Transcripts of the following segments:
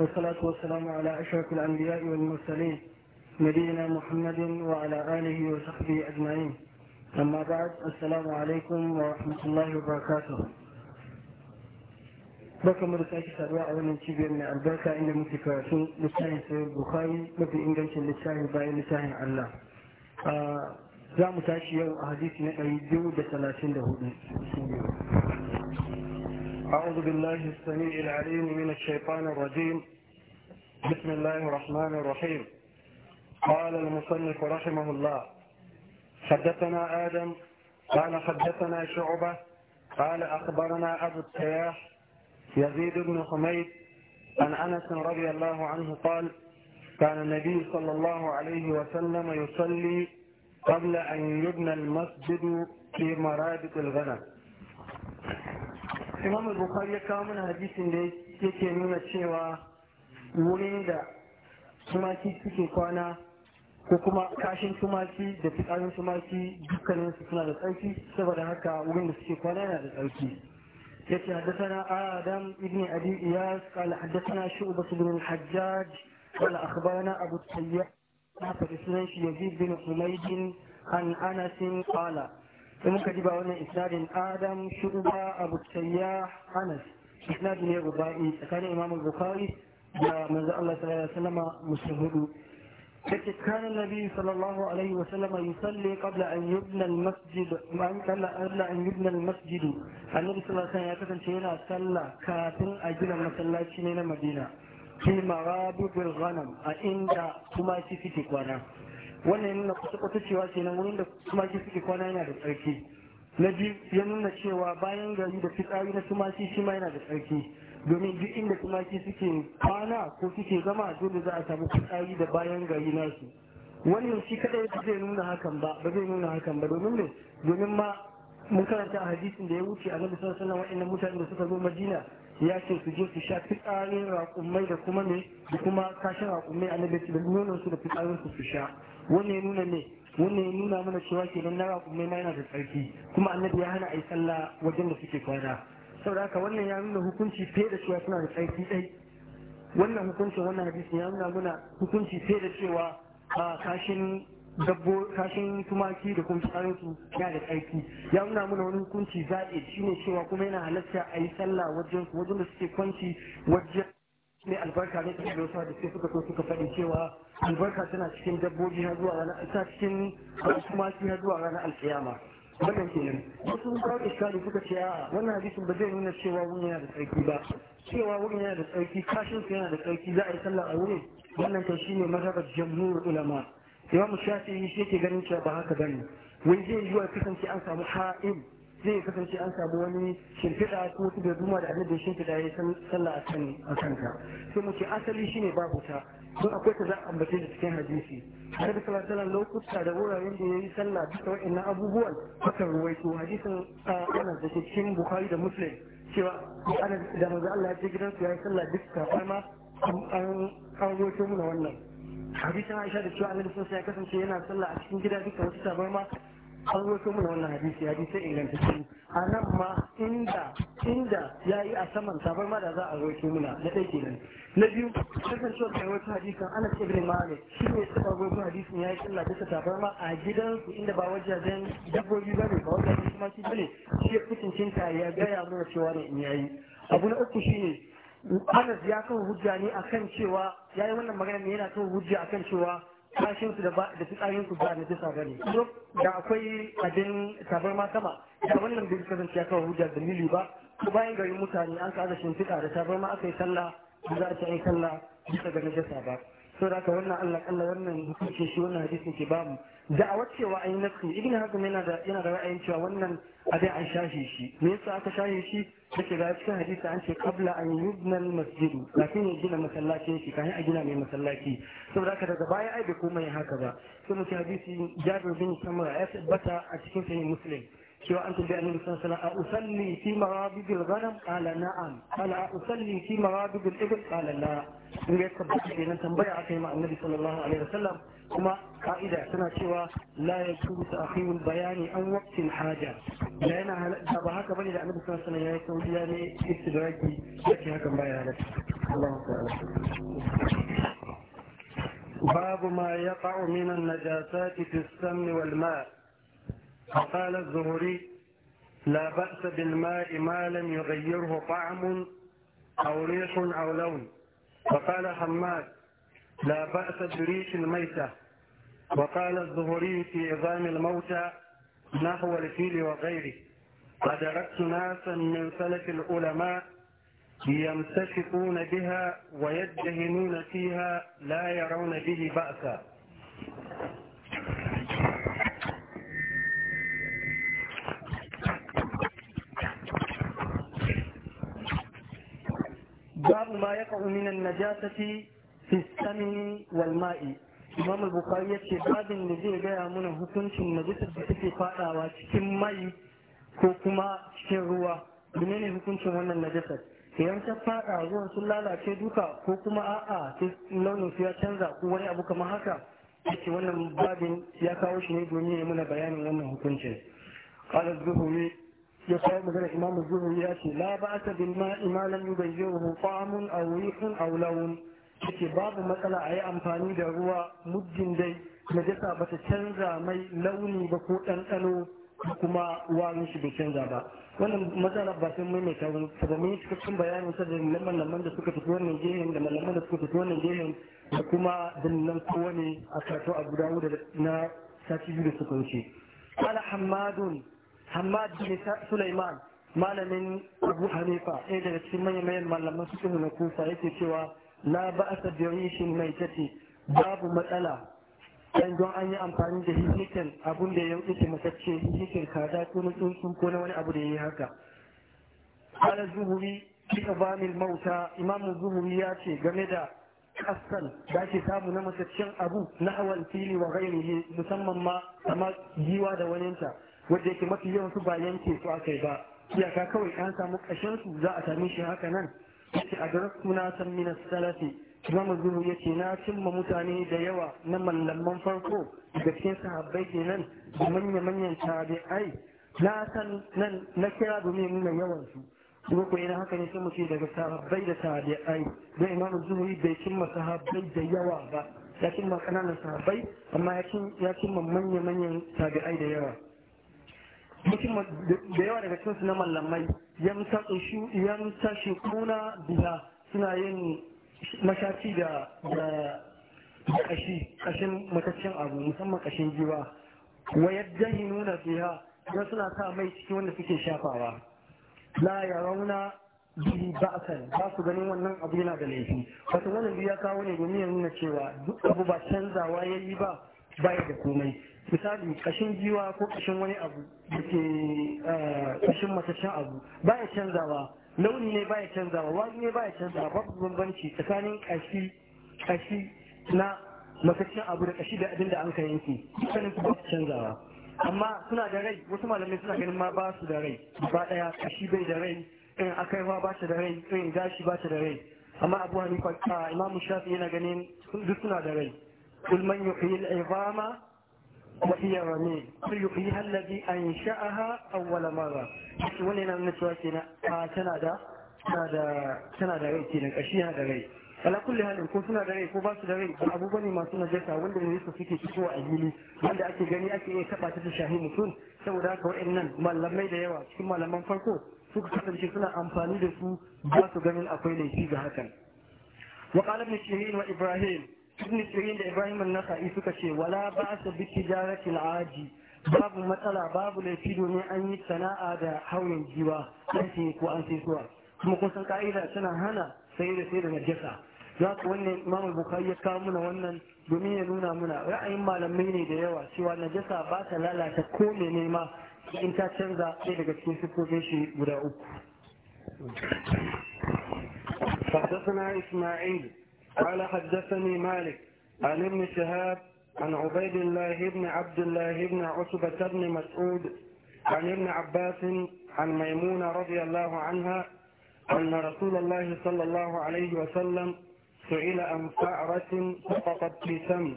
والصلاة والسلام على أشرف الأنبياء والمرسلين نبينا محمد وعلى آله وصحبه أجمعين أما بعد السلام عليكم ورحمة الله وبركاته baka mu da sake saduwa a wannan cibiyar mai albarka inda muke karatu littafin sayar bukhari mafi ingancin littafin bayan littafin allah za mu tashi yau a hadisi na ɗari biyu da talatin da hudu أعوذ بالله السميع العليم من الشيطان الرجيم بسم الله الرحمن الرحيم قال المصنف رحمه الله حدثنا آدم قال حدثنا شعبة قال أخبرنا أبو التياح يزيد بن حميد عن أنس رضي الله عنه قال كان النبي صلى الله عليه وسلم يصلي قبل أن يبنى المسجد في مرابط الغنم imam bukhari ya kawo mana hadisin da yake nuna cewa wurin da tumaki suke kwana ko kuma kashin tumaki da fitsarin tumaki dukkanin su suna da tsarki saboda haka wurin da suke kwana yana da tsarki yace haddasana adam ibn abi iyas qala haddathana shu'bah ibn al-hajjaj qala akhbarana abu tayyib haka sunan shi yazid bin humayd an anas qala sai muka ji ba wannan isnadin adam shuba abu tayyah anas isnadin ne rubai tsakanin imam bukhari da manzo Allah sallallahu alaihi wasallam musu hudu yake kana nabi sallallahu alaihi wasallam yusalli qabla an yubna almasjid man kana qabla an yubna almasjid annabi sallallahu alaihi wasallam ya kasance yana sallah kafin a gina masallaci ne na Madina fi marabul ghanam a inda kuma shi fiti kwana wannan nuna kusa kwata cewa kenan wurin da tumaki suke kwana yana da tsarki na biyu ya nuna cewa bayan gari da fitsari na tumaki shi ma yana da tsarki domin duk inda tumaki suke kwana ko suke zama dole za a samu fitsari da bayan gari nasu wannan shi kadai ba zai nuna hakan ba ba zai nuna hakan ba domin ne domin ma mun karanta a hadisin da ya wuce a nan sallallahu alaihi wasallam wa'annan mutane da suka zo Madina ya ce su je su sha fitsarin raƙumai da kuma ne da kuma kashin raƙumai a nan da nonon su da fitsarin su su sha wannan ya nuna ne wannan ya nuna mana cewa kenan na kuma ma yana da tsarki kuma annabi ya hana a yi sallah wajen da suke kwana saboda haka wannan ya nuna hukunci fiye da cewa suna da tsarki dai wannan hukuncin wannan hadisi ya nuna mana hukunci fiye da cewa kashin dabbo kashin tumaki da kuma tsarin su yana da tsarki ya nuna mana wani hukunci zaɓe shine cewa kuma yana halatta a yi sallah wajen wajen da suke kwanci wajen ne albarka ne ta wasu da suka so suka faɗi cewa albarka tana cikin dabbobi har zuwa ranar ta cikin tumaki har zuwa ranar alkiyama wannan kenan wasu sun kawo iskari suka ce a wannan hadisin ba zai nuna cewa wurin yana da tsarki ba cewa wurin yana da tsarki kashin yana da tsarki za a yi sallah a wurin wannan kan shine mazhabar jamhuriyar ulama imam shafi shi yake ganin cewa ba haka bane wai zai yi kasance an samu ha'il zai kasance an samu wani shimfiɗa ko su da zuma da da shimfiɗa ya san sallah a kan kanta sai mu ce asali shine babu ta don akwai ta za a ambace da cikin hadisi annabi da alaihi wasallam lokuta da wuraren da yayi sallah duka wa'annan abubuwan haka ruwaito hadisin anas da ke cikin bukhari da muslim cewa anas da manzo Allah ya ce gidansu yayi sallah duka ma an an ruwaito muna wannan hadisin Aisha da cewa annabi sallallahu ya kasance yana sallah a cikin gida duka wasu tabarma an wato mana wannan hadisi hadisi inganta su a nan ma inda inda ya yi a saman sabar ma da za a roƙe muna na ɗaya kenan na biyu shi wata wasu hadisan ana ma ne shi ne suka hadisi hadisin ya yi kalla ta sabar ma a gidansu inda ba wajajen dabbobi ba ne ba wajajen ma shi ba ne shi ya cinta ya gaya mana cewa ne in ya yi abu na uku shi ne anas ya kawo hujja ne akan cewa ya yi wannan magana ne yana kawo hujja akan cewa kashinsu da su ba na bisa gani da akwai abin tabarma sama da wannan bai kasance ya kawo hujjar dalili ba ko bayan garin mutane an kaza shimfiɗa da tabarma aka yi sallah ba za a ci yi sallah bisa ga na najasa ba saboda haka wannan allah allah wannan hukunci shi wannan hadisin ke bamu da'awar cewa an yi nafsi ibn hazm yana da yana da ra'ayin cewa wannan abin an shashe shi me yasa aka shashe shi take ga cikin hadisi an ce qabla an yubna al masjid kafin ya gina masallacin shi kafin a gina mai masallaci saboda haka daga baya ai bai komai haka ba sai mu ci hadisi Jabir bin Samura ya tabbata a cikin sahih Muslim cewa an tambaye annabi sallallahu alaihi wasallam a usalli fi marabidil ghanam qala na'am qala a usalli fi marabidil ibl qala la in ya tabbata kenan tambaya akai ma annabi sallallahu alaihi wasallam كما قائدة سنة شوى لا يجوز تأخير البيان أو وقت الحاجة لأن هذا هكا إذا لأن بسنة سنة يا سعودي يعني استدراجي يكي هكا بيانة الله تعالى باب ما يقع من النجاسات في السمن والماء فقال الزهري لا بأس بالماء ما لم يغيره طعم أو ريح أو لون فقال حماد لا بأس بريش الميته وقال الزهري في عظام الموتى نحو الفيل وغيره قد أدركت ناسا من سلف العلماء يمتشقون بها ويدهنون فيها لا يرون به بأسا باب ما يقع من النجاسة في السمن والماء imam bukhari ya ce babin da zai gaya mana hukuncin najisar da take fadawa cikin mai ko kuma cikin ruwa ne hukuncin wannan najisar idan ta fada ruwan sun lalace duka ko kuma a'a launin su ya canza ko wani abu kamar haka ce wannan babin ya kawo shi ne domin ya muna bayanin wannan hukuncin qala az ya kawo magana imam az ya ce la ba'sa bil ma'i ma lam yubayyirhu aw rihun aw yake babu matsala a yi amfani da ruwa muddin dai na jasa ba ta canza mai launi ba ko ɗanɗano kuma warin shi bai canza ba wannan matsala ba sun mai wani saboda mun yi cikakken bayanin sa da malaman da suka tafi wannan gehen da malaman da suka tafi wannan gehen da kuma dalilan wani a kato a guda da na sati biyu da suka wuce ala hamadun hamad bin sulaiman malamin abu hanifa ɗaya daga cikin manyan manyan malaman su na kufa yake cewa Na ba a sabirishin mai tafi babu matsala dan don an yi amfani da hikikin abun da ya wuce matacce hikikin kaza ko na tsuntsun ko na wani abu da ya yi haka Kala zuhuri kika mil mauta imamu zuhuri ya ce game da kasan da ke samu na mataccen abu na hawan fili wa gairihi musamman ma kama giwa da waninta wadda yake mafi yawan su ba yanke su aka yi ba iyaka kawai an samu kashin za a same shi haka nan yace garar suna san mina salafi Imam ya ce na cimma mutane da yawa na mallaman farko da cikin sahabbai nan da manya-manyan tabi'ai na san nan na kira domin nuna yawan su kuma ko ina haka ne sai mu ce daga sahabbai da tabi'ai da Imam Zuhri bai cimma sahabbai da yawa ba ya cimma kananan sahabbai amma ya cimma manya-manyan tabi'ai da yawa mutum da yawa daga cikinsu na mallamai yamta shi kuna biya suna yin mashaci da kashi kashin mataccen abu musamman kashin giwa wa yadda nuna biya kuma suna sa mai cikin wanda suke shafawa la ya rauna bihi ba'san ba su ganin wannan abu yana da laifi wato wannan ya kawo ne domin ya nuna cewa duk abu ba canzawa yayi ba ba da komai misali kashin jiwa ko kashin wani abu da ke eh, kashin matashin abu ba canzawa launi ne ba ya canzawa wani ne baya ya canzawa babu bambanci tsakanin kashi na matashin abu da kashi da abin da an ka yanke dukkanin su ba su canzawa amma suna da rai wasu malamai suna ganin ma ba su da rai ba daya kashi bai da rai irin akaiwa ba ta da rai irin gashi ba ta da rai amma abu hanifa ah, imamu shafi yana ganin duk suna da rai قل من يحيي العظام وهي رميم قل يحييها الذي أنشأها أول مرة ولنا من نتواكينا تنا دا تنا دا غي تينا أشيها ala kulli halin ko suna da rai ko ba su da rai abu bane masu najasa wanda ne su suke fitowa a gini wanda ake gani ake iya taba ta shahi mutum saboda haka waɗannan malamai da yawa cikin malaman farko suka kasance suna amfani da su ba su ganin akwai laifi ga hakan wa qala ibn shirin wa ibrahim ibn sirin da ibrahim na nasai suka ce wala ba su bi tijaratil aji babu matsala babu laifi domin an yi sana'a da hauyin jiwa an ce ko an ce suwa kuma kun san ka'ida suna hana sai da sai da najasa za ku wannan imam bukhari ya kawo mana wannan domin ya nuna muna ra'ayin malamai ne da yawa cewa najasa ba ta lalata ko ne ma in ta canza ɗaya daga cikin sifofin shi guda uku. حدثنا إسماعيل قال حدثني مالك عن ابن شهاب عن عبيد الله بن عبد الله بن عتبة بن مسعود عن ابن عباس عن ميمونة رضي الله عنها أن رسول الله صلى الله عليه وسلم سئل عن فأرة سقطت في سم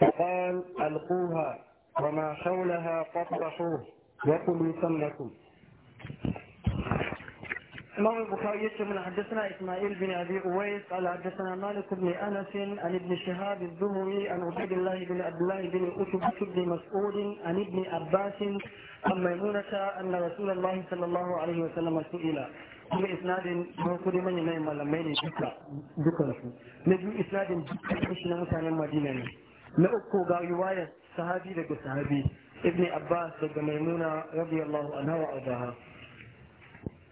فقال ألقوها وما حولها فاطرحوه وكلوا سمكم إمام البخاري يشمل حدثنا إسماعيل بن أبي أويس قال حدثنا مالك بن أنس عن ابن شهاب الزهري عن عبيد الله بن عبد الله بن أتبة بن مسعود عن ابن عباس عن ميمونة أن رسول الله صلى الله عليه وسلم سئل kuma isnadin kudi manyan manyan malamai ne duka dukansu na biyu isnadin dukkan shi na mutanen madina ne na uku ga riwayar sahabi daga sahabi ibn abbas daga maimuna radiyallahu anha wa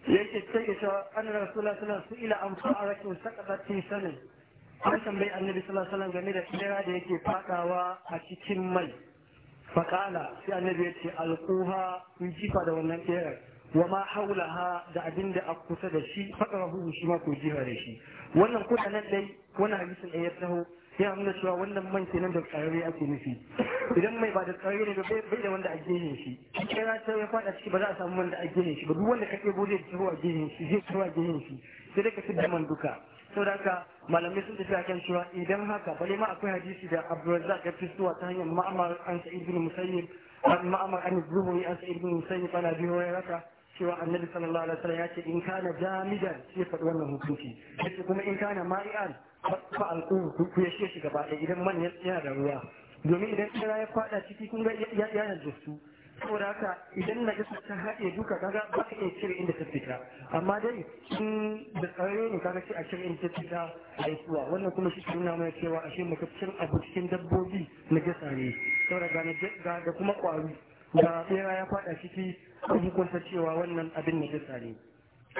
yake ce isa an rasula suna su ila an fa'arakin sakabatin sanin an tambayi annabi sallallahu alaihi game da tsira da yake fadawa a cikin mai fakala sai annabi ya ce alquha kun jifa da wannan tsirar wa ma haulaha da abinda a kusa da shi faɗarahu shi ma ko jiha da shi wannan kuna nan dai wannan hadisin da ya taho ya nuna cewa wannan man kenan da tsarare ake nufi idan mai ba da tsarare ne bai bai da wanda a gehen shi kira ta ya faɗa ciki ba za a samu wanda a gehen shi ba duk wanda ka ɗebo zai taho a gehen shi zai taho a gehen shi sai dai ka fidda man duka saboda haka malamai sun tafi akan cewa idan haka bare ma akwai hadisi da abdulrazzaq ya fitowa ta hanyar ma'amar an ma'amar an ya raka cewa annabi sallallahu alaihi wasallam ya ce in kana jamidan sai faɗi wannan hukunci yace kuma in kana ma'i'an fa alqu ku yashe shi gaba ɗaya idan man yana da ruwa domin idan kira ya fada ciki kun ga ya yana da su saboda haka idan na jisa ta haɗe duka kaga ba ka iya cire inda ta fita amma dai sun da tsare ne kaga ce a cire inda ta fita a yi suwa wannan kuma shi nuna mana cewa ashe mutum abu cikin dabbobi na gasa ne saboda ga da kuma ƙwari da tsera ya fada ciki a hukunta cewa wannan abin na jisa ne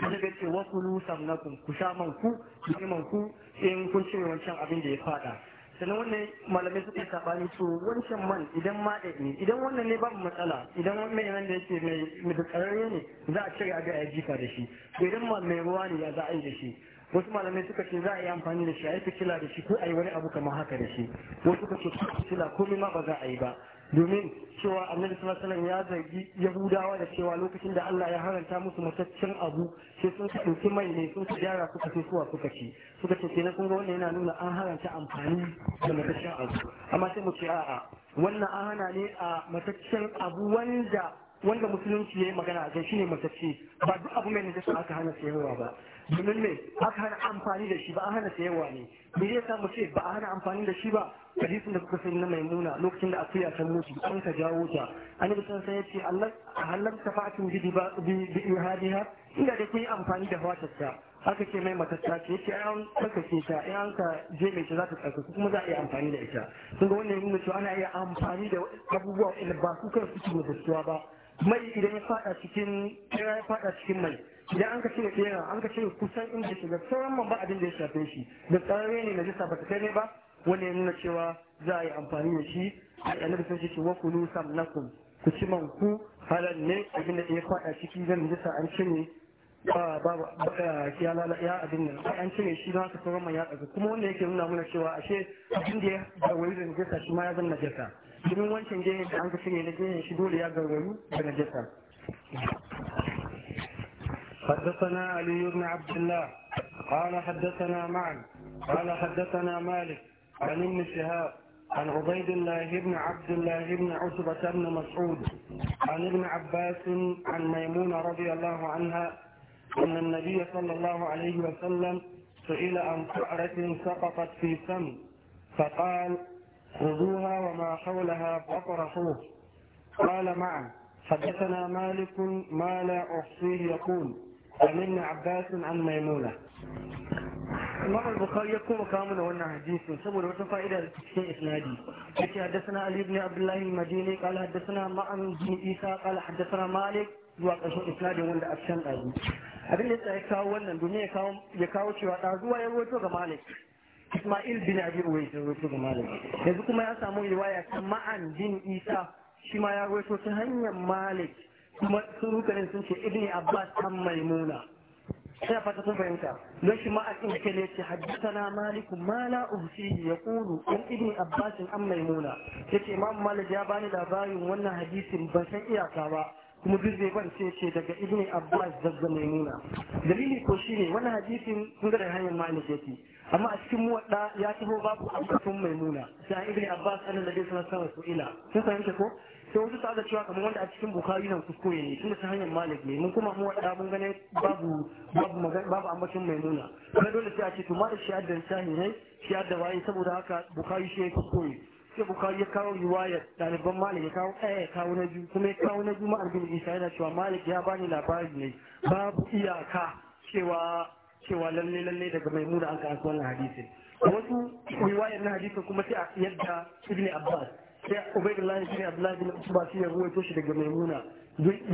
daga ce wasu lusa na ku sha man ku ku man ku in kun cire wancan abin da ya fada sannan wannan malamai suka sabani to wancan man idan ma ne idan wannan ne babu matsala idan mai nan da yake mai tsararre ne za a cire abin a jifa da shi to idan ma mai ruwa ne ya za a yi da shi wasu malamai suka ce za a yi amfani da shi a yi fitila da shi ko a yi wani abu kamar haka da shi wasu suka ce fitila komai ma ba za a yi ba domin cewa annabi sallallahu alaihi ya zargi yahudawa da cewa lokacin da Allah ya haranta musu mataccen abu sai sun ɗauki mai ne sun ka gyara suka ce suwa suka ci suka ce kenan kun ga wannan yana nuna an haranta amfani da mataccen abu amma sai mu ce a'a wannan an hana ne a mataccen abu wanda wanda musulunci ya yi magana a kai shine matacce ba duk abu mai najasa aka hana sayarwa ba domin me aka hana amfani da shi ba a hana sayarwa ne me yasa mu ce ba a hana amfani da shi ba hadisin da kuka sani na maimuna lokacin da akuya ta mutu an ka jawo ta an yi alaihi wasallam ya ce Allah halan tafatun bi bi ihadiha inda da kun yi amfani da fatarta aka ce mai matatta ce an tsarkake ta in an ka je mai ta za ta tsarkake kuma za a iya amfani da ita sun ga wannan nuna cewa ana iya amfani da abubuwa wanda ba su kan su da ba mai idan ya fada cikin ya fada cikin mai idan an ka cire tsera an ka cire kusan inda shiga sauran man ba abin da ya shafe shi da tsarare ne na jisa ba ta kai ne ba wanda ya nuna cewa za a yi amfani da shi annabi sun ce wa kulu samnakum ku ci man ku halal ne abin da ya faɗa ciki zan jisa an cire ya lala ya abin nan an cire shi don haka sauran man ya ɗaga kuma wanda yake nuna mana cewa ashe abin da ya garwayi da najasa shi ma ya zan najasa domin wancan gehen da an ka cire na gehen shi dole ya garwayi da najasa حدثنا علي بن عبد الله قال حدثنا معن قال حدثنا مالك عن ابن شهاب عن عبيد الله بن عبد الله بن عتبة بن مسعود عن ابن عباس عن ميمونة رضي الله عنها أن النبي صلى الله عليه وسلم سئل عن فأرة سقطت في سم فقال خذوها وما حولها فاطرحوه قال معه حدثنا مالك ما لا أحصيه يقول عن ابن عباس عن ميمونة imam al-bukhari ya kuma kawo mana wannan hadisin saboda wata fa'ida da cikin isnadi yace haddathana ali ibn abdullah al-madini qala haddathana ma'an bin isa qala haddathana malik zuwa ƙarshen isnadin wanda a can ɗazu abin da ya kawo wannan domin ya kawo ya kawo cewa ɗazuwa ya rawaito ga malik ismail bin abi uwais ya rawaito ga malik yanzu kuma ya samu riwaya ta ma'an bin isa shi ma ya rawaito ta hanyar malik kuma sun rukanin sun ce ibni abbas an maimuna Sai fata sun fahimta don shi ma'aikin da ne ce haddasana malikun ma na uhsihi ya kulu an ibn abbasin an maimuna yace imam malik ya bani labarin wannan hadisin ban san iyaka ba kuma duk zai ban ce daga ibn abbas daga maimuna dalili ko shine wannan hadisin sun ga hanyar malik yake amma a cikin muwadda ya taho babu mai maimuna sai ibni abbas bai sanar alaihi su ila sun fahimta ko sai wasu su cewa kamar wanda a cikin bukari nan kusko ne tun ta hanyar malik ne mun kuma mu wada mun ganin babu babu magana babu ambacin kuma dole sai a ce to malik shi'ar da sahi ne shi'ar da waye saboda haka bukari shi ya ne sai bukari ya kawo riwayar daliban malik ya kawo ɗaya ya kawo na biyu kuma ya kawo na biyu ma'ar gini isa yana cewa malik ya bani labari ne babu iyaka cewa cewa lalle lalle daga nuna an ka wannan hadisin wasu riwayar na hadisin kuma sai a yadda ibn abbas sai ubaidullahi shi ne abdullahi bin usba shi ya ruwaito shi daga maimuna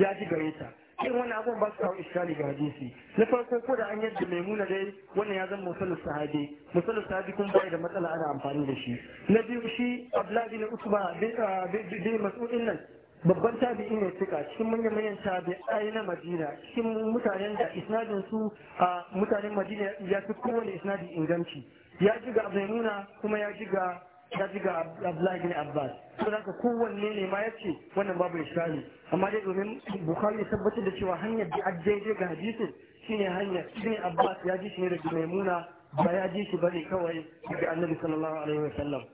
ya ji gare ta irin wani abun ba su kawo iskali ga hadisi na farko ko da an yadda maimuna dai wannan ya zama musallu sahabi musallu sahabi kuma bai da matsala ana amfani da shi na biyu shi abdullahi bin usba bin mas'udin nan babban tabi'i ne suka cikin manyan manyan tabi'ai na madina cikin mutanen da isnadin su a mutanen madina ya fi kowane isnadi inganci ya ji ga maimuna kuma ya ji ga ta ji ga Abdullahi bin Abbas to haka kowanne ne ma ya ce wannan babu iskali amma dai domin Bukhari ya tabbatar da cewa hanyar da addaidai ga hadisu shi ne hanyar Ibn Abbas ya ji shi ne daga Maimuna ba ya ji shi ba ne kawai daga Annabi sallallahu alaihi wasallam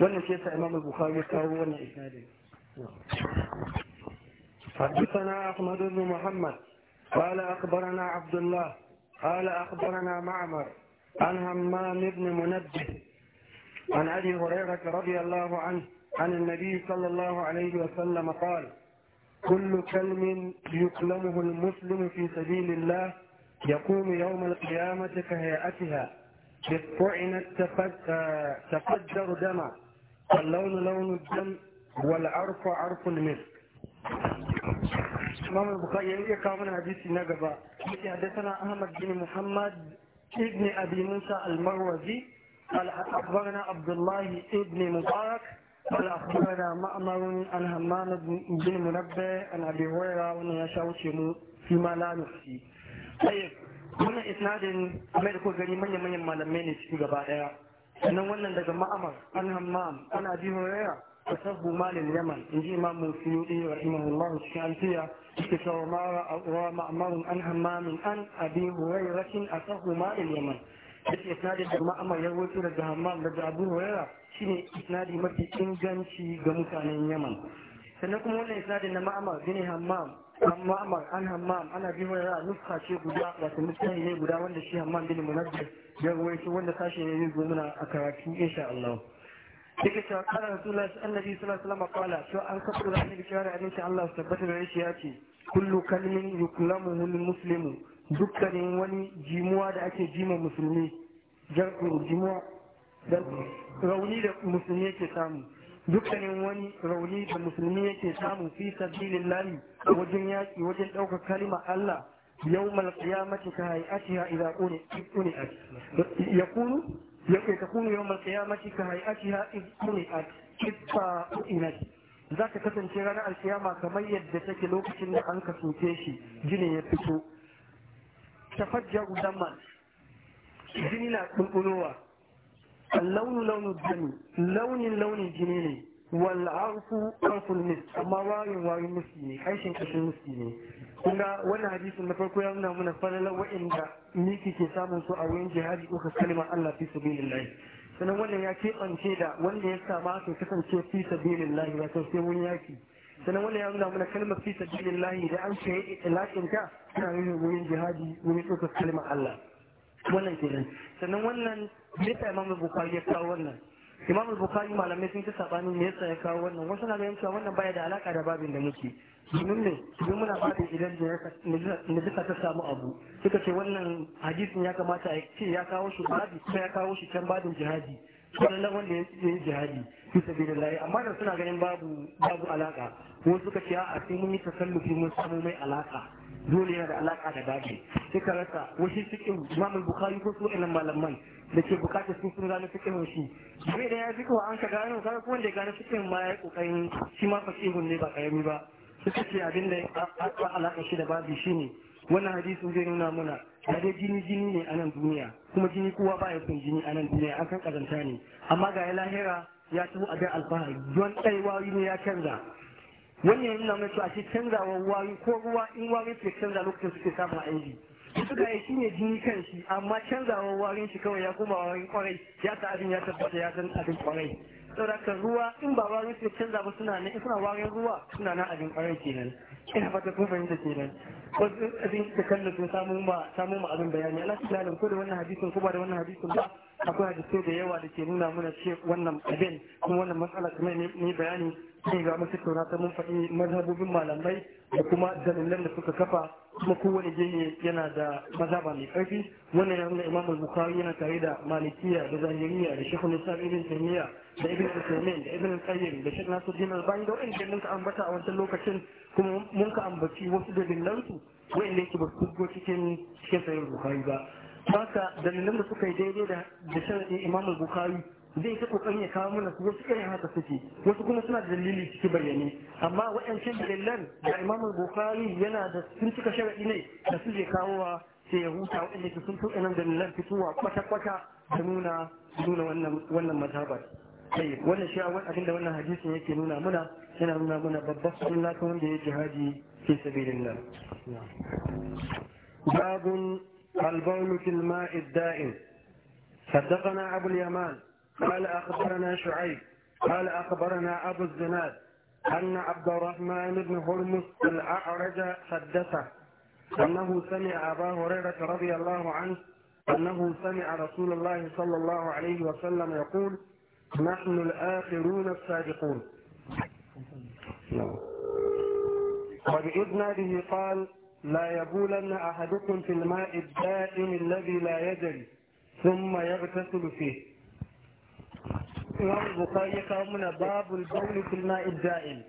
wannan shi yasa Imam Bukhari ya kawo wannan isnadin حدثنا أحمد بن محمد قال أخبرنا عبد الله قال أخبرنا معمر عن همام بن منبه عن أبي هريرة رضي الله عنه عن النبي صلى الله عليه وسلم قال كل كلم يكلمه المسلم في سبيل الله يقوم يوم القيامة كهيئتها بالطعن تفجر دما واللون لون الدم والعرف عرف المسك امام البخاري يلقى يعني كامل إيه حديث النقبة، حدثنا احمد بن محمد ابن ابي موسى المروزي قال أخبرنا عبد الله ابن مبارك قال أخبرنا مأمر عن همام بن منبه عن أبي هريرة وأن يشاو فيما لا نفسي طيب هنا إسناد أمريكو غني من يمن يمن من يشكو غبائرة أنا وأنا لدى مأمر عن همام عن أبي هريرة فسبوا مال اليمن إن جي إمام السيوطي رحمه الله الشانسية اكتشف ما رأى مأمر عن همام عن أبي هريرة أصحوا مال اليمن duk isnadin da kuma amma ya rawaito daga hammam daga abu huraira shine isnadi mafi inganci ga mutanen yaman sannan kuma wannan isnadin na ma'amar bin hammam an ma'amar an hammam ana bi huraira nuska ce guda wato mutane ne guda wanda shi hammam bin munaddir ya rawaito wanda sashi ne zai zo a karatu insha Allah yake cewa kala rasulullah annabi sallallahu alaihi wasallam kala to an kafa da annabi da insha Allah tabbata da shi ya ce kullu kalmin yuklamuhu al-muslimu dukkanin wani jimuwa da ake jima musulmi jimuwa da rauni da musulmi yake samu dukkanin wani rauni da musulmi yake samu fi sabilin lali wajen yaƙi wajen ɗaukar kalima Allah yau malƙiya ka hayi ashi ha iza ƙune ƙune ya kunu ya ke ta kunu yau malƙiya mace ka hayi ashi ha iza ƙune a kifa ƙune za ka kasance ranar alƙiyama kamar yadda take lokacin da an kasance shi jini ya fito تفجر دما jini na اللون لون الدم لون لون الجنين والعرف عرف المس أما واري واري مسلمي عيش كش مسلمي كنا وانا حديث نفرق يومنا من فلل وإن ميكي كسام سؤالين جهادي أخي كلمة الله في سبيل الله سنوانا wannan ya keɓance da wanda ya sama ka kasance fi sabilillahi wato sannan wannan ya nuna mana kalmar fi sabilillahi da an ce lakin ta tana nuna wurin jihadi wurin tsokar kalmar Allah wannan nan sannan wannan me yasa Imam Bukhari ya kawo wannan Imam al Bukhari malamai sun ta sabani mai yasa ya kawo wannan wasu na ganin cewa wannan baya da alaka da babin da muke domin ne domin muna fatan idan najisa ta samu abu suka ce wannan hadisin ya kamata a ce ya kawo shi babi ko ya kawo shi can babin jihadi wannan wanda ya yi jihadi da layi, amma da suna ganin babu alaka ko suka ce a sai mun yi tasallufi mun samu mai alaka dole yana da alaka da dage sai ka rasa wasu fiqh Imam Bukhari ko su ilimin malaman da ke bukatar sun sun gano fiqh shi bai da ya fi ko an ka gano kaga kuma da ya gano fiqh ma ya yi kokarin shi ma fiqh ne ba karami ba suka ce abinda alaka shi da babu ne wannan hadisin zai nuna mana kaga jini jini ne a nan duniya kuma jini kowa ba ya son jini a nan duniya akan kazanta ne amma ga lahira ya taho a ga alfahari don ɗai wayu ne ya canza wannan yana nuna mai a ce canzawa wayu ko ruwa in wayu ke canza lokacin suke samun aiki da shi ne jini kan shi amma canzawa warin shi kawai ya koma warin kwarai ya ta abin ya tabbata ya san abin kwarai saboda ruwa in ba warin su canza ba suna nan suna warin ruwa suna nan abin kwarai kenan ina fata kun fahimta kenan wasu abin da kallon sun samu ma samu ma abin bayani ala su ko da wannan hadisin ko ba da wannan hadisin ba akwai hadisi da yawa da ke nuna mana ce wannan abin kuma wannan matsala kuma ne bayani sai ga mu tattauna ta mun faɗi mazhabobin malamai da kuma dalilan da suka kafa kuma kowane jini yana da mazaba mai karfi wannan ya nuna imamul bukhari yana tare da malikiya da zahiriya da shekul sami ibn taymiya da ibn usaimin da ibn qayyim da nasu nasuddin albani da wa'in mun ka ambata a wancan lokacin kuma mun ka ambaci wasu da su wa'in da yake ba su cikin cikin sahih bukhari ba haka dalilan da suka yi daidai da da imamul bukhari zai ta kokarin ya kawo mana wasu irin haka suke wasu kuma suna da dalili ciki bayyane amma waɗancan dalilan da imamul bukhari yana da sun cika sharaɗi ne da su kawowa sai ya huta waɗanda ke sun tuɗa nan dalilan fitowa kwata-kwata da nuna nuna wannan mazhabar sai wannan shi abinda wannan hadisin yake nuna muna yana nuna muna babbar sunna ta wanda ya jihadi fi sabilillah babun البول في الماء الدائم حدثنا أبو اليمان قال أخبرنا شعيب قال أخبرنا أبو الزناد أن عبد الرحمن بن هرمز الأعرج حدثه أنه سمع أبا هريرة رضي الله عنه أنه سمع رسول الله صلى الله عليه وسلم يقول نحن الآخرون السابقون وبإذناده قال لا يبولن أحدكم في الماء الدائم الذي لا يدري ثم يغتسل فيه imam bukari ya kawo muna babul bauli fil ma'id da'im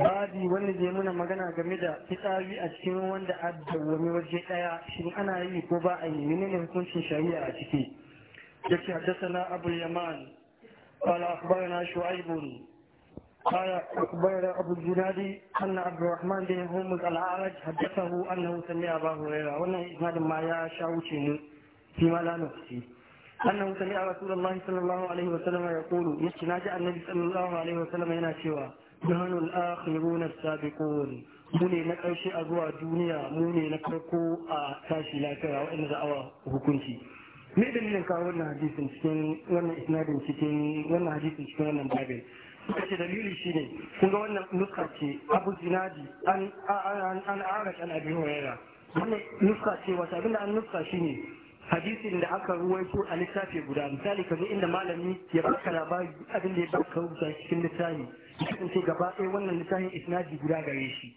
babi wanda zai muna magana game da fitsari a cikin wanda adda wani waje daya shin ana yi ko ba a yi menene hukuncin shari'a a ciki yake haddathana abu yaman قال أخبرنا شعيب قال أخبرنا أبو الجنادي أن عبد الرحمن بن هرمز الأعرج حدثه أنه سمع أبا هريرة وأنه إسناد ما يشاء فيما لا نفسي أنه سمع رسول الله صلى الله عليه وسلم يقول يشناجع النبي صلى الله عليه وسلم هنا نحن الآخرون السابقون mune na ƙarshe a zuwa duniya mune na farko a tashi lafiya waɗanda za a hukunci me dalilin kawo wannan hadisin cikin wannan isnadin cikin wannan hadisin cikin wannan babin dalili shine kun ga wannan nuska ce abu zinadi an an an arash an abi hurairah wannan nuska ce wata abinda an nuska shine hadisin da aka ruwaito a littafi guda misali ka zo inda malami ya baka labari abin da ya baka rubuta cikin littafi cikin ce gaba ɗaya wannan littafin isnadi guda gare shi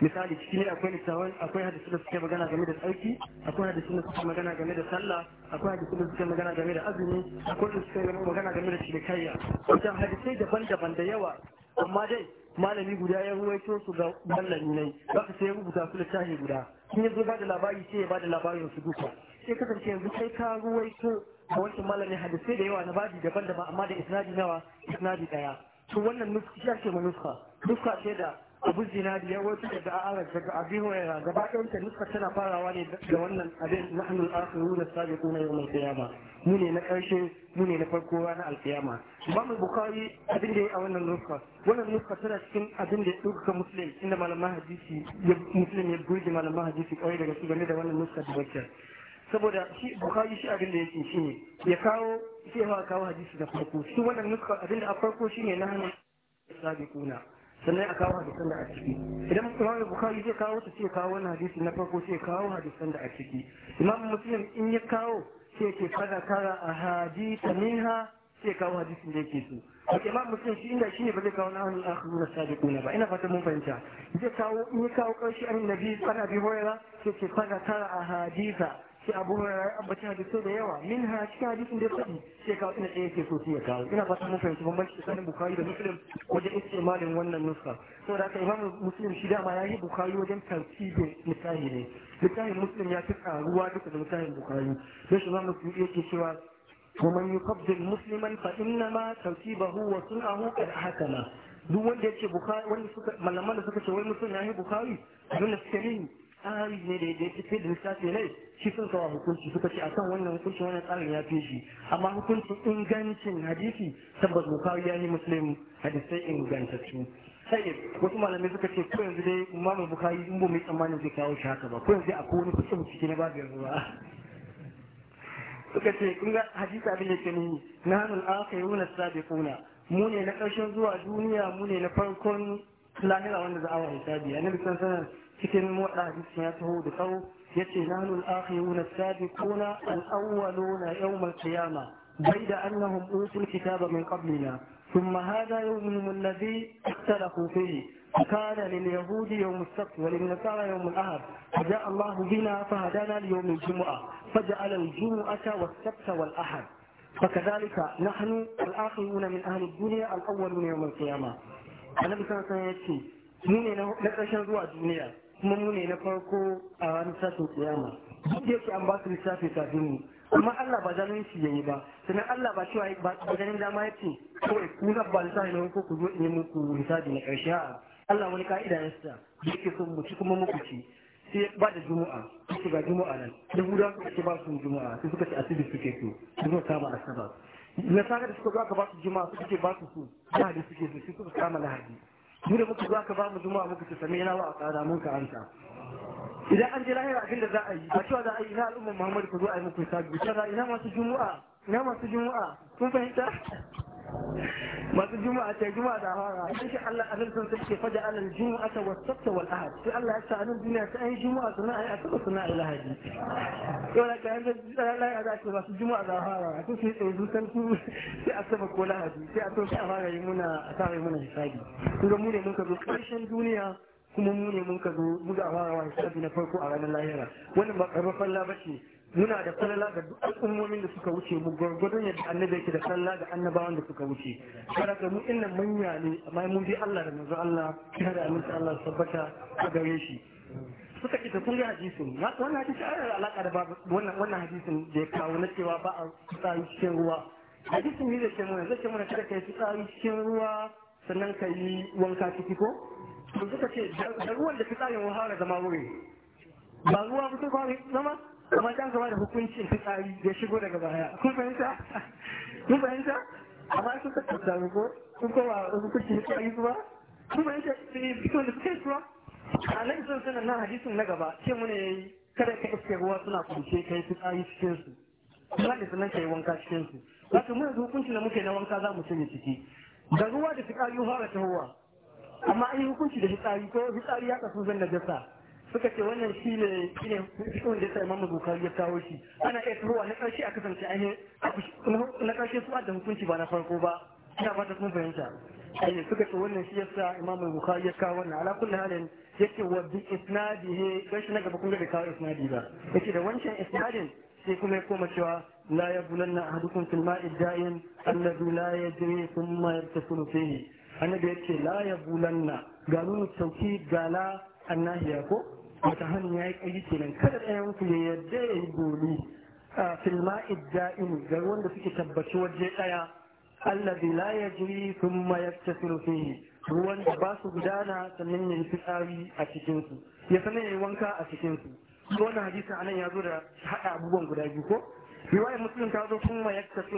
misali cikin akwai littafin akwai hadisin da suke magana game da tsarki akwai hadisin da suke magana game da sallah akwai hadisin da suke magana game da azumi akwai da suke magana game da cinikayya wajen hadisai daban-daban da yawa amma dai malami guda ya ruwaito su ga malami ne ba ka sai rubuta su littafi guda in yi zo ba da labari sai ya ba da labarin su duka sai kasance yanzu kai ka ruwaito a wancan malamin hadisai da yawa na baji daban-daban amma da isnadi nawa isnadi daya to wannan nuska shi ake ma nuska nuska ce da abu zinadi ya wato daga a'arar daga abin hoyara gaba ɗayanta nuska tana farawa ne da wannan abin nahnu al-akhiru na ko na yawmal qiyama mu ne na ƙarshe mu ne na farko ranar alkiyama mu bukhari abin da ya a wannan nuska wannan nuska tana cikin abin da ya ɗauka musulun inda malaman hadisi musulun ya burge malaman hadisi kawai daga su game da wannan nuska da bakkar saboda shi bukari shi abin da yake shi ne ya kawo sai ya kawo hadisi da farko su wannan nuska abin da a farko shi ne na hannun kuna sannan a kawo hadisan da a ciki idan imam bukari zai kawo ta sai kawo wannan hadisi na farko sai kawo hadisan da a ciki imam muslim in ya kawo sai ce fada kara a hadisa minha sai kawo hadisin da yake so to imam muslim shi inda ne ba zai kawo na hannun akhiru na kuna ba ina fatan mun fahimta zai kawo in ya kawo karshe annabi sallallahu bi wasallam sai ce fada kara a hadisa sai abu hurairah ya ambaci hadisai da yawa min ha cikin hadisin da ya faɗi sai kawo ina tsaye ke so sai ya kawo ina fata mun fahimci bambanci tsakanin bukari da muslim wajen istimalin wannan nuska saboda haka imamu muslim shi dama ya yi bukari wajen tartibin misali ne littafin muslim ya fi karuwa duka da littafin bukari sai shi ma muslim yake cewa ومن يقبل مسلما فانما ترتيبه وصنعه قد حكم duk wanda ya ce bukari wanda suka malaman da suka ce wai mutum ya yi bukari abin da suke tsari ne da ya tafi da lissafi ne shi sun kawo hukunci suka ce a kan wannan hukuncin wannan tsarin ya fi shi amma hukuncin ingancin hadisi tabbas bukari ya yi muslim hadisai ingantattu sai wasu malamai suka ce ko yanzu dai imamul bukari in ba mai tsammanin zai kawo shi haka ba ko yanzu akwai wani fitin ciki na babu yanzu ba suka ce kun ga hadisi abin da ke nuni na hannun akhiruna sabiquna mu ne na ƙarshen zuwa duniya mu ne na farkon lahira wanda za a wa hisabi annabi sallallahu alaihi تتم motsa hadisi ya taho da tsawo ya ce nanu بيد أنهم أوتوا الكتاب من قبلنا ثم هذا يومهم الذي اختلفوا فيه كان لليهود يوم السبت وللنصارى يوم الأحد فجاء الله بنا فهدانا ليوم الجمعة فجعل الجمعة والسبت والأحد فكذلك نحن الآخرون من أهل الدنيا الأولون يوم القيامة النبي صلى الله عليه وسلم يأتي من نقرش الدنيا kuma mu na farko a ranar sashen kiyama duk da yake an ba su lissafi kafin mu amma Allah ba zanen shi yayi ba sannan Allah ba cewa ba ganin dama yace kawai ku zan ba lissafi na ko ku zo in yi muku lissafi na karshe a Allah wani ka'ida ya sa yake son mu ci kuma muku ci sai ba da juma'a su ga juma'a nan da guda suka ce ba su juma'a sai suka ce asibi suke so zo kama asabar na saka da suka ga ba su juma'a suka ce ba su su lahadi suke so sai suka kama lahadi mu da muka zuwa aka ba mu zuma muka ta same yana wa a tsada mun ka amsa idan an je lahira abin da za a yi ba cewa za a yi na al'ummar muhammadu ku zo a yi muku sabi cewa ina masu juma'a ina masu juma'a kun fahimta masu juma'a ta juma'a da fara sai shi Allah a sun sai ce faja alal juma'a ta wasatta wal ahad sai Allah ya sa a duniya sai an juma'a sunan ayi asaba sunan ayi lahadi yau da kan da Allah ya ce masu juma'a da fara to sai sai dukan su sai asaba ko lahadi sai a to sai a fara yi muna a yi muna hisabi kuma mu ne mun ka zo karshen duniya kuma mu ne mun ka zo mu ga fara wa hisabi na farko a ranar lahira wannan ba karfafan labashi muna da falala ga duk al'ummomin da suka wuce mu gwargwadon yadda annabi yake da falala ga annabawan da suka wuce kada ka mu innan manya ne amma mun bi Allah da manzo Allah kira da aminci Allah sabbata a gare shi suka ki ta kunga hadisin wannan hadisi ana da alaka da wannan wannan hadisin da ya kawo na cewa ba a tsari cikin ruwa hadisin ne da ke mun zai ce mun kada ka yi tsari cikin ruwa sannan ka yi wanka ciki ko to suka ce da ruwan da fitsarin wahala zama wuri ba ruwa ba sai zama kamar kan kama da hukuncin fitsari ya shigo daga baya kun fahimta kun fahimta amma sun ka tsada ko kun koma hukuncin fitsari kuma kun fahimta ne eh, fito da kai kuma a nan sun sanar na hadisin na gaba ce mu ne kada ka iske ruwa suna kunce kai fitsari cikin su kuma da ka yi wanka cikin su wato mu yanzu hukuncin da muke na wanka za mu cinye ciki da ruwa da fitsari fara tahowa amma an yi hukunci da fitsari ko fitsari ya kasu zan da jasa suka ce wannan shi ne shi ne da ya sa bukari ya kawo shi ana iya turowa na karshe a kasance ainihin na karshe su da hukunci ba na farko ba ina fata kun fahimta ainihin suka ce wannan shi yasa imamu bukari ya kawo wannan ala kulli halin yake wa bi he gashi na gaba kun ga bai kawo isnadi ba yake da wancan isnadin sai kuma ya koma cewa la yabulanna ahadukum fil ma'i da'in alladhi la yajri thumma yartasilu fihi annabi yace la yabulanna ga nuna tauki gala la nahiya ko wata hannu ya yi ƙari kenan kada ɗayan ku ya yarda ya yi goli a filma idda'in ga wanda suke tabbaci waje ɗaya Allah-bila bi la jiri thumma yaktasiru fihi ruwan da ba su gudana sannan ya yi fitsari a cikinsu ya sanar ya yi wanka a cikinsu su wannan a anan ya zo da haɗa abubuwan guda biyu ko riwaya muslim ta zo kuma ya tafi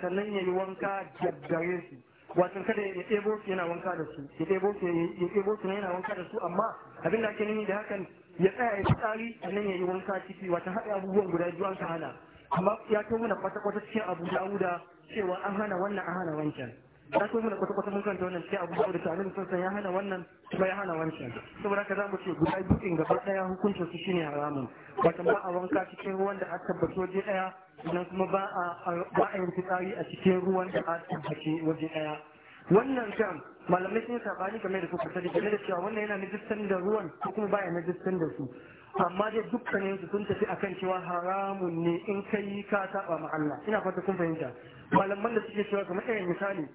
sannan ya yi wanka daggare su wato kada ya ɗebo su yana wanka da su ya ɗebo su ya ɗebo su yana wanka da su amma abin da ake nuni da hakan ya tsaya ya tsari sannan ya yi wanka ciki wato haɗe abubuwan guda biyu an ka hana amma ya ta mana kwata-kwata cikin abu da cewa an hana wannan an hana wancan ya so mana kwata-kwata mun kanta wannan sai abu da tare sun san ya hana wannan ba ya hana wancan saboda haka za mu ce guda biyu in gaba daya hukuncin su shine haramun wata ba a wanka cikin ruwan da aka tabbato waje daya sannan kuma ba a ba a yin fitsari a cikin ruwan da aka tabbace waje daya wannan kan malamai sun sabani game da kuka sani game da cewa wannan yana najistan da ruwan ko kuma baya najistan da su amma dai dukkanin su sun tafi akan cewa haramun ne in kai ka saba ma Allah ina fata kun fahimta malaman da suke cewa kamar irin misali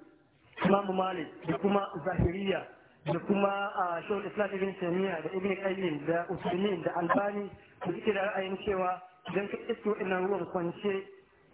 imam malik da kuma zahiriya da kuma a shawar islam ibn taymiya da ibn qayyim da usaimin da albani da suke da ra'ayin cewa idan ka ina ruwan kwance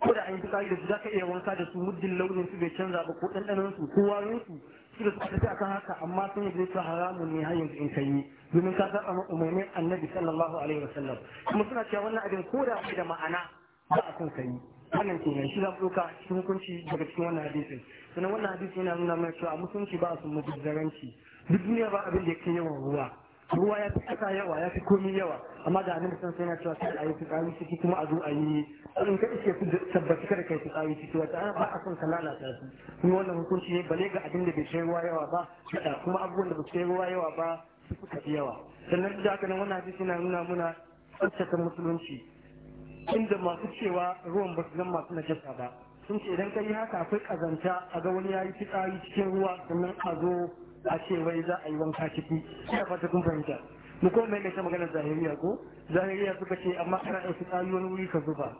ko da an fitsari da su za ka iya wanka da su muddin launin su bai canza ba ko ɗanɗanon su ko warin su su da suka tafi akan haka amma sun yi zai haramun ne har yanzu in ka yi domin ka saba ma umarnin annabi sallallahu alaihi sallam kuma suna cewa wannan abin ko da da ma'ana ba a son ka yi wannan kenan shi za mu ɗauka cikin hukunci daga cikin wannan hadisin sannan wannan hadisi yana nuna mana cewa musulunci ba su mujizzaranci duk duniya ba abin da ya kai yawan ruwa ruwa ya fi ƙasa yawa ya fi komi yawa amma da annabi san sai na cewa kada a yi fitsari ciki kuma a zo a yi in ka iske su tabbaci kada kai fitsari ciki wata ana ba a son ka lalata su kuma wannan hukunci ne bale ga abin da bai kai ruwa yawa ba kada kuma abubuwan da ba su kai ruwa yawa ba su suka fi yawa sannan da haka nan wannan hadisi yana nuna muna tsaftace musulunci inda masu cewa ruwan ba su zama masu najasa ba sun ce idan ka yi haka akwai kazanta a ga wani ya yi fitsari cikin ruwa sannan a zo a ce wai za a yi wanka ciki ina fata kun fahimta mu kuma mai mai ta magana zahiriya ko zahiriya suka ce amma kana ɗauki tsari wani wuri ka zuba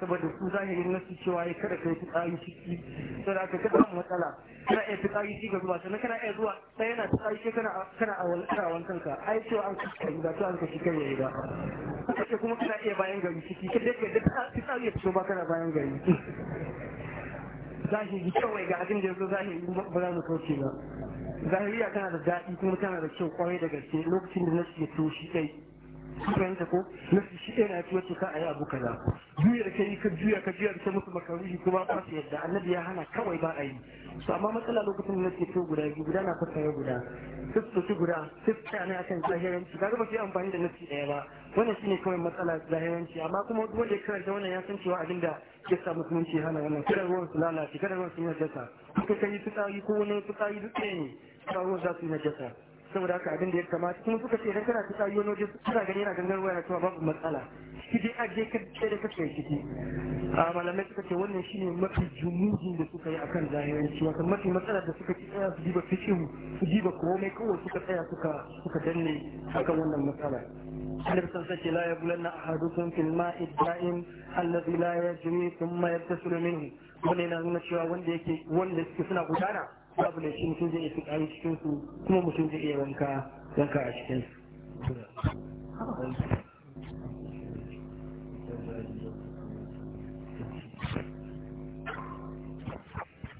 saboda su zahirin nasu cewa ya kada kai fitsari ciki saboda aka kada matsala kana iya fitsari ciki ga zuwa sannan kana iya zuwa sai yana fitsari ciki kana kana a wankan kanka ai cewa an kashi kai ba to an kashi kai yayi ba kace kuma kana iya bayan gari ciki kada ka da fitsari ya fito ba kana bayan gari zahiri kawai ga abin da yazo zahiri ba za mu kauce ba zahiriya tana da daɗi kuma tana da kyau kwarai da gaske lokacin da na ce to shi kai fahimta ko na shi ɗaya na ci wacce ka a yi abu kaza juya da kai ka juya ka juya da kai musu makaruhi kuma ba su yadda annabi ya hana kawai ba a yi to amma matsala lokacin da nake to guda biyu guda na fata ya guda sai su ci guda sai su tsaya akan zahiranci kaga ba su amfani da nasi ɗaya ba wannan shine kawai matsala zahiranci amma kuma duk wanda ya karanta wannan ya san cewa abinda ya sa musulunci hana wannan kada ruwan su lalace kada ruwan su yi najasa kuka kai fitsari ko wani fitsari duk ɗaya ne ruwan za su yi najasa saboda haka abin da ya kamata kuma suka ce idan kana fita yi wani kana gani yana gangan ruwa waya cewa babu matsala shi dai aje ka ce da kake ciki a malamai suka ce wannan shine mafi jumuhi da suka yi akan zahiranci wato mafi matsala da suka ci tsaya su diba fikihu su diba komai kawai suka tsaya suka suka danne akan wannan matsala النبي صلى الله عليه وسلم لا يبلن أحدكم في الماء الدائم الذي لا يجري ثم يبتسل منه ولنا نشوى وندي وندي suna غدانا babu da shi mutum zai iya fitsari cikin su kuma mutum zai iya wanka wanka a cikin su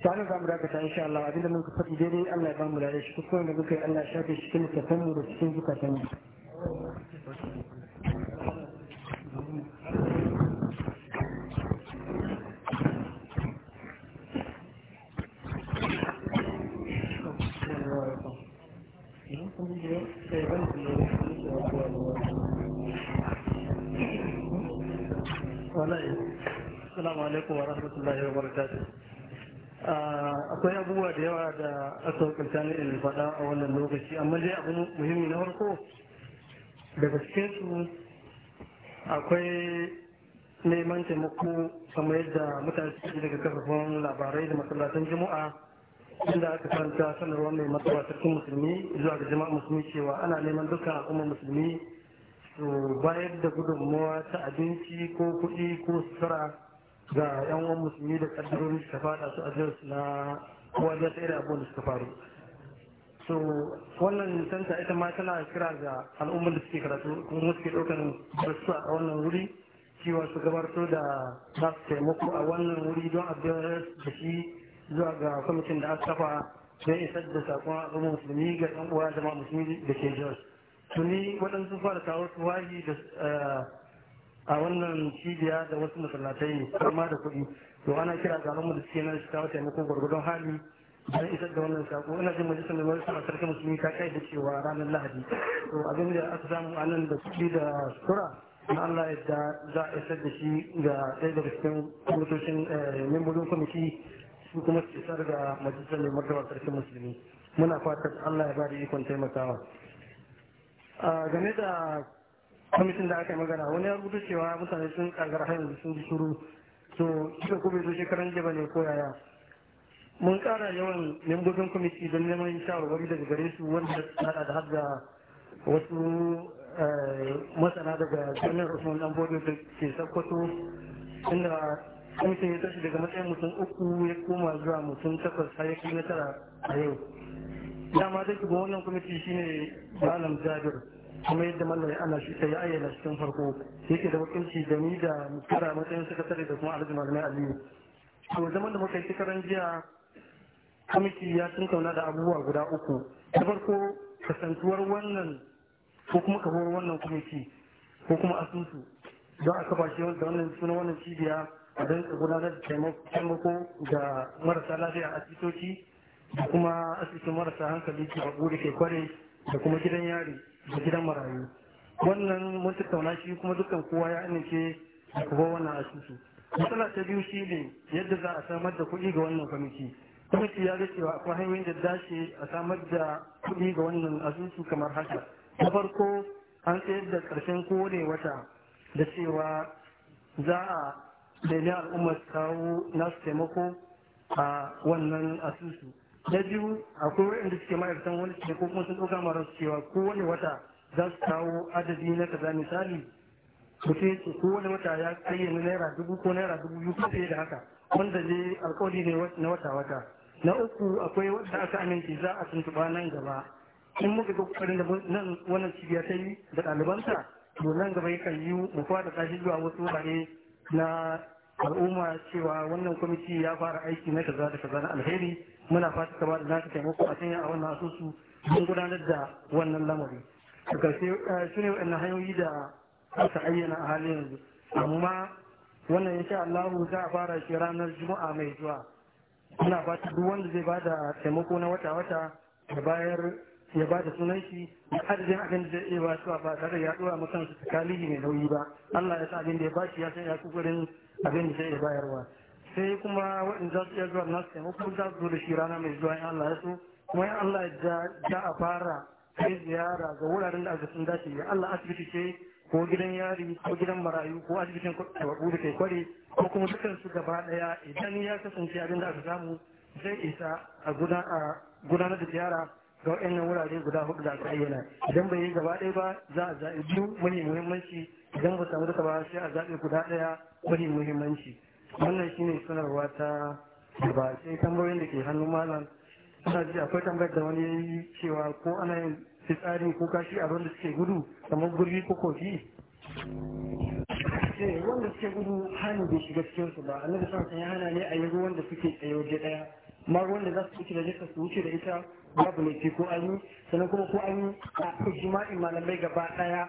sanin za mu dakata insha Allah abinda muka faɗi daidai Allah ya mu da shi kuskuren da muka yi Allah ya shafe shi cikin littafin mu da cikin zukatan mu Assalamu alaikum wa rahmatullahi wa barakatuh. Ah, akwai abubuwa da yawa da aka hukunta ni in faɗa a wannan lokaci, amma dai abu muhimmi na farko daga su akwai neman taimako kamar yadda mutane suke daga kafafan labarai da masallatan jimu'a inda aka karanta sanarwar mai matsawa sarkin musulmi zuwa ga jama'a musulmi cewa ana neman dukkan al'ummar musulmi su bayar da gudunmawa ta abinci ko kuɗi ko sutura ga yan uwan musulmi da kaddarori suka fada su a su na kowa da ta iri abubuwan da suka faru so wannan nisanta ita ma tana kira ga al'ummar da suke karatu kuma suke ɗaukan su a wannan wuri cewa su gabatar da nasu taimako a wannan wuri don a da shi zuwa ga kwamitin da aka kafa don isar da sakon al'ummar musulmi ga ɗan uwa jama'a musulmi da ke jos tuni waɗansu fara kawo tuwahi eh, a wannan cibiya da wasu masallatai kama da kuɗi to ana kira ga al'ummar da suke nan su kawo taimakon gwargwadon hali don isar da wannan sako ina jin majalisar mai marasa sarki musulmi ta kai da cewa ranar lahadi to abin da aka samu a nan da kuɗi da sura na Allah yadda za a isar da shi ga ɗaya daga cikin kwamitocin eh, membobin kwamiti su kuma su isar da majalisar mai martaba sarkin musulmi muna fatan allah ya ba da ikon taimakawa game da kwamitin da aka yi magana wani ya rubuta cewa mutane sun kagar hanyar sun ji shuru to kika kuma zo shekaran jiya ne ko yaya mun kara yawan membobin kwamiti don neman shawarwari daga gare su wanda hada da hada wasu eh, masana daga jami'ar usman dan bodin da ke sakkwato inda aikin ya tashi daga matsayin mutum uku ya koma zuwa mutum takwas har ya kai na tara a yau dama dai kuma wannan kwamiti shine malam jabir kuma yadda mallam ya ana shi ta ya ayyana cikin farko, farko yake da wakilci da ni da mutara matsayin sakatare da kuma alhaji malamai aliyu to zaman da muka yi karan jiya kwamiti ya kauna da abubuwa guda uku da farko kasantuwar wannan ko kuma kabuwar wannan kwamiti ko kuma asusu don a kafa shi da wannan suna wannan cibiya don gudanar da taimako ga marasa lafiya a asibitoci da kuma asibitin marasa hankali ke abu da ke kware da kuma gidan yari da gidan marayu wannan mun tattauna shi kuma dukkan kowa ya amince da kuma wannan asusu matsala ta biyu shi ne yadda za a samar da kuɗi ga wannan kwamiti kwamiti ya ga cewa akwai hanyoyin da dace a samar da kuɗi ga wannan asusu kamar haka na farko an tsayar da ƙarshen kowane wata da cewa za a da al'ummar kawo nasu taimako a wannan asusu na biyu akwai waɗanda suke ma'aikatan wani ne ko kuma sun ɗauka mara cewa kowane wata za su kawo adadi na kaza misali mutum ya kowane wata ya ayyana naira dubu ko naira dubu biyu ko fiye da haka wanda zai alkawari ne na wata-wata na uku akwai wanda aka amince za a tuntuɓa nan gaba in muka ga kokarin da nan wannan cibiya ta yi da ɗalibanta to nan gaba yakan yi mu fada kashi zuwa wasu wurare na al'umma cewa wannan kwamiti ya fara aiki na kaza da kaza na alheri muna fata ka ba da naka taimako a sanya a wannan asusu don gudanar da wannan lamari a ƙarshe eh, su ne waɗannan hanyoyi da aka ayyana a halin yanzu amma wannan insha Allahu za a fara shi ranar juma'a mai zuwa muna fata duk wanda zai ba da taimako na wata-wata da bayar ya ba da sunan shi da adadin abin da zai iya ba su ba tare da ya ɗora makansu kalihi mai nauyi ba Allah ya sa abin da ya ba shi ya san ya kukurin abin da zai bayarwa sai kuma waɗanda za su iya zuwa nasu taimako za su zo da shi rana mai zuwa in Allah ya so kuma in Allah ya ja a fara kai ziyara ga wuraren da aka sun dace ya Allah asibiti ce ko gidan yari ko gidan marayu ko asibitin kwabu da kai kware ko kuma dukkan su gaba daya idan ya kasance abin da aka samu zai isa a gudanar da ziyara ga waɗannan wurare guda hudu da aka ayyana idan bai yi gaba ɗaya ba za a zaɓi biyu mai muhimmanci idan ba samu duka ba sai a zaɓe guda ɗaya wani muhimmanci wannan shine sanarwa ta ba sai tambayoyin da ke hannun malam suna ji akwai tambayar da wani ya cewa ko ana yin fitsari ko kashi a da suke gudu kamar gurbi ko kofi eh, wanda suke gudu hannu bai shiga cikin su ba annabi san san ya hana ne a yi ruwan da suke tsaye waje daya ma ruwan da za su wuce da jika su wuce da ita babu laifi ko an yi sannan kuma ko an yi a malamai gaba daya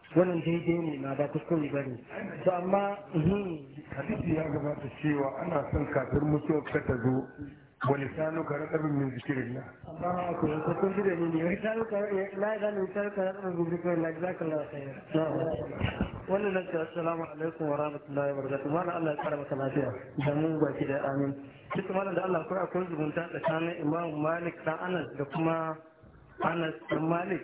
wannan daidai ne na ba kuskure ba ne to amma uhm, hadisi ya gabata cewa ana son kafin mutuwar ka ta zo wani sanu ka min zikirin na amma ولسانك رطب ne ذكر الله الله اكبر كنت دليلي ولسانك لا ka لسانك min zikirin na الله جزاك الله خيرا wannan nan assalamu alaikum wa rahmatullahi wa barakatuh mana Allah ya kara maka lafiya da mu ki da amin duk malam da Allah kuma akwai zumunta tsakanin Imam Malik dan Anas da kuma Anas dan Malik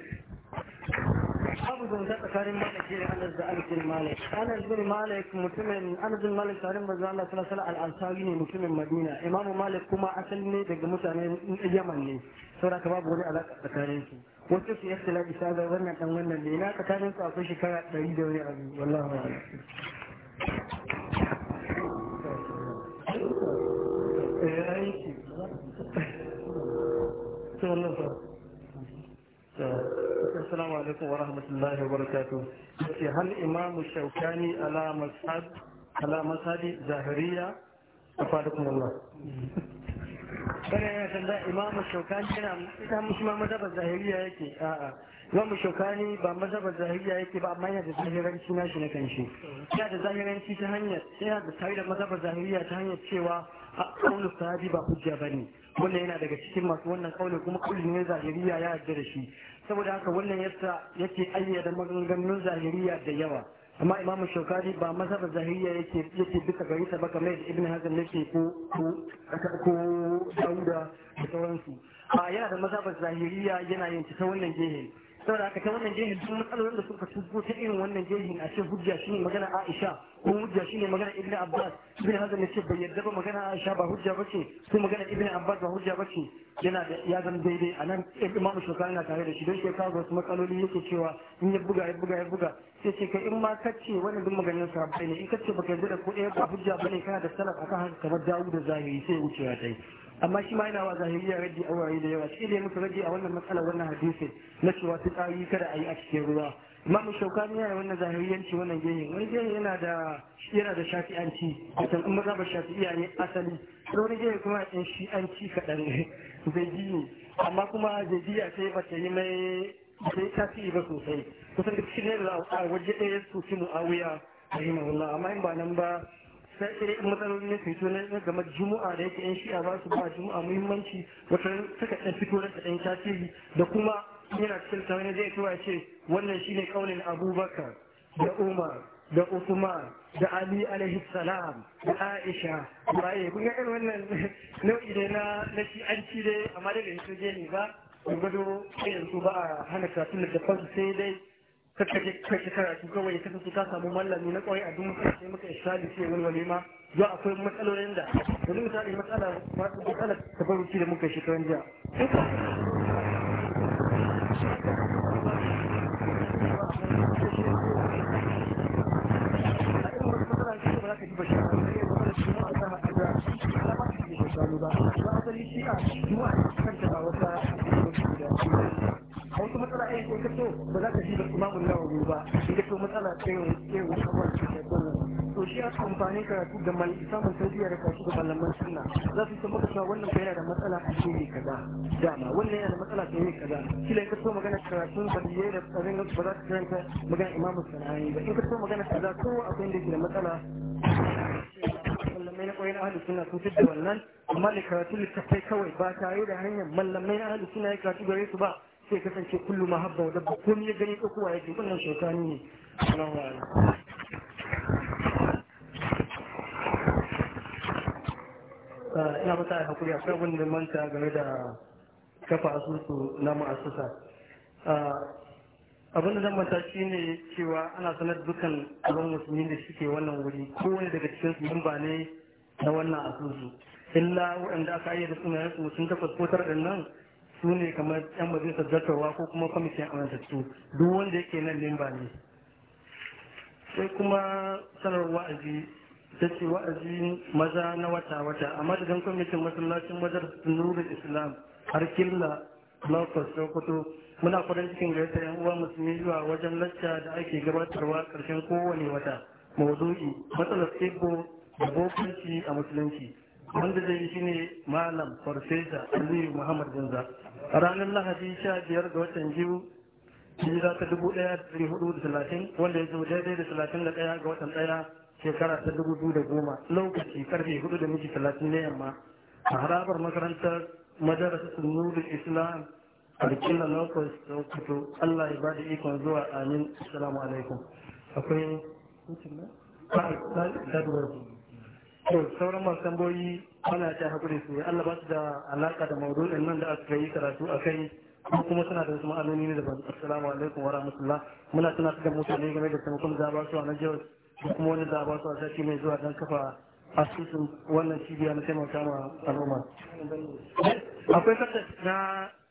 babu zanta tsakanin malaki da anas da anas bin malik anas bin malik mutumin anas bin malik tarin manzo Allah sallallahu alaihi ne mutumin madina imamu malik kuma asali ne daga mutanen yaman ne saboda ka babu wani alaka tsakanin su wasu su yasta labi sada wannan dan wannan ne na tsakanin su akwai shekara 100 da wani abu wallahi a'lam eh assalamu wa rahmatullahi wa barakatuh yace hal imamu shaukani ala mashhad ala mashadi zahiriya afadakum Allah kana yana tanda imamu shaukani yana ita mushi ma mazhabar zahiriya yake a'a imamu shaukani ba mazhabar zahiriya yake ba amma yana da zahiranci na shi na kanshi yana da zahiranci ta hanyar yana da tare da mazhabar zahiriya ta hanyar cewa a kaulu sahabi ba hujja bane wannan yana daga cikin masu wannan kaulin kuma kaulin ne zahiriya ya yarda da shi saboda haka wannan yasa yake ayyada maganganun zahiriya da yawa amma imamu shaukari ba masarar zahiriya yake yake duka gari ta ba kamar ibn hazan yake ko ko dauda da sauransu a yana da masarar zahiriya yana yin ta wannan gehe saboda haka ta wannan jihin duk matsalolin da suka tubbo ta irin wannan jihin a ce hujja shi ne magana Aisha ko hujja shi ne magana Ibn Abbas ibn Hazm da ce bai yadda ba magana Aisha ba hujja ba ce ko magana Ibn Abbas ba hujja ba ce yana da ya zama daidai a nan Imam Shukani na tare da shi don shekara wasu matsaloli yake cewa in ya buga ya buga ya buga sai ce ka in ma kace wannan duk maganin sahabbai ne in kace baka yarda da ko ɗaya ba hujja bane kana da salaf akan haka kamar Dawud da Zahiri sai wucewa ta yi amma shi ma yana wa zahiriya raddi a wurare da yawa shi ne musu raddi a wannan matsalar wannan hadisin na cewa su tsari kada a yi a cikin ruwa imamu shaukani yana wannan zahiriyanci wannan gehe wani gehe yana da yana da shafi'anci wato in maza ba shafi'iya ne asali da wani gehe kuma yan shi'anci kaɗan ji ne amma kuma zai a sai ba ta yi mai ta yi tasiri ba sosai kusan da cikin yadda a waje ɗaya su fi mu'awiya rahimahullah amma in ba nan ba sai irin matsaloli ne fito na game juma'a da yake yan shi'a ba su ba juma'a muhimmanci wata suka ɗan fito da ɗan tasiri da kuma yana cikin tawani zai tura ce wannan shine kaunin abubakar da umar da usman da ali alaihi salam da aisha baye kun ga irin wannan nau'i ne na na shi'anci dai amma dai da je ne ba gado yanzu ba a hana karatun da sai dai kakka je kai ki karatu kawai ya kasance ka samu mallami na kwarai a duk mutane sai maka ishali sai wani wani ma zuwa akwai matsalolin da wani misali matsala matsala ta baruci da muka shekaran jiya ba ba asali shi a zuwa kanta ba wata matsala ai ko kace ba za ka ji da imamu nawawi ba in kace matsala ce ce wani kawai ce ko to shi kamfani ka karatu da mal samun tarbiyya da karatu da malaman sunna za su san maka cewa wannan yana da matsala a shi kaza dama wannan yana da matsala ta yi kaza kila in ka so magana karatun baliyai da tsarin ba za ka karanta magana imamu sana'ani ba in ka so magana kaza ko abin da ke da matsala mallamai na na ahalus suna sun fidda da wannan amma ne karatu littattafai kawai ba tare da hanyar mallamai na ahalus suna ya karatu gare su ba sai kasance kullu ma habba wa dabba ko ya gani ko kuwa yake wannan shaitani ne Allahu a'lam ah, ina mata a hakuri akwai abin da manta game da kafa asusu na ma'asusa ah, abin da zan manta shi ne cewa ana sanar dukan abin musulmi da suke wannan wuri kowane daga cikin su ne na wannan asusu illa waɗanda aka da sunayen su sun tafas ko tara nan su ne kamar yan majalisar zartarwa ko kuma kwamitin amintattu duk wanda yake nan limba ne sai kuma sanar wa'azi ta ce wa'azi maza na wata-wata a madadin kwamitin masallacin wajar nurul islam har killa lokacin sokoto muna kudin cikin gaisa yan uwa musulmi zuwa wajen lacca da ake gabatarwa karshen kowane wata maudu'i matsalar ebo da bokanci a musulunci wanda zai shi ne malam farfesa aliyu muhammad zanza a ranar lahadi sha biyar ga watan biyu hijira ta dubu daya da hudu da talatin wanda ya zo daidai da talatin da daya ga watan daya shekara ta dubu biyu da goma lokaci karfe hudu da miji talatin na yamma a harabar makarantar madarasa nurul islam alƙilla lokos sokoto allah ya bada ikon zuwa amin assalamu alaikum akwai ba a to sauran masu tambayoyi ana ta hakuri su Allah ba su da alaka da maudu'in nan da aka yi karatu a kai ko kuma suna da wasu ma'anoni ne daban assalamu alaikum wa rahmatullah muna suna da mutane game da taimakon da ba su a nan jihar da kuma wani da ba su a sati mai zuwa don kafa asusun wannan cibiya na taimaka ma al'umma akwai kasa na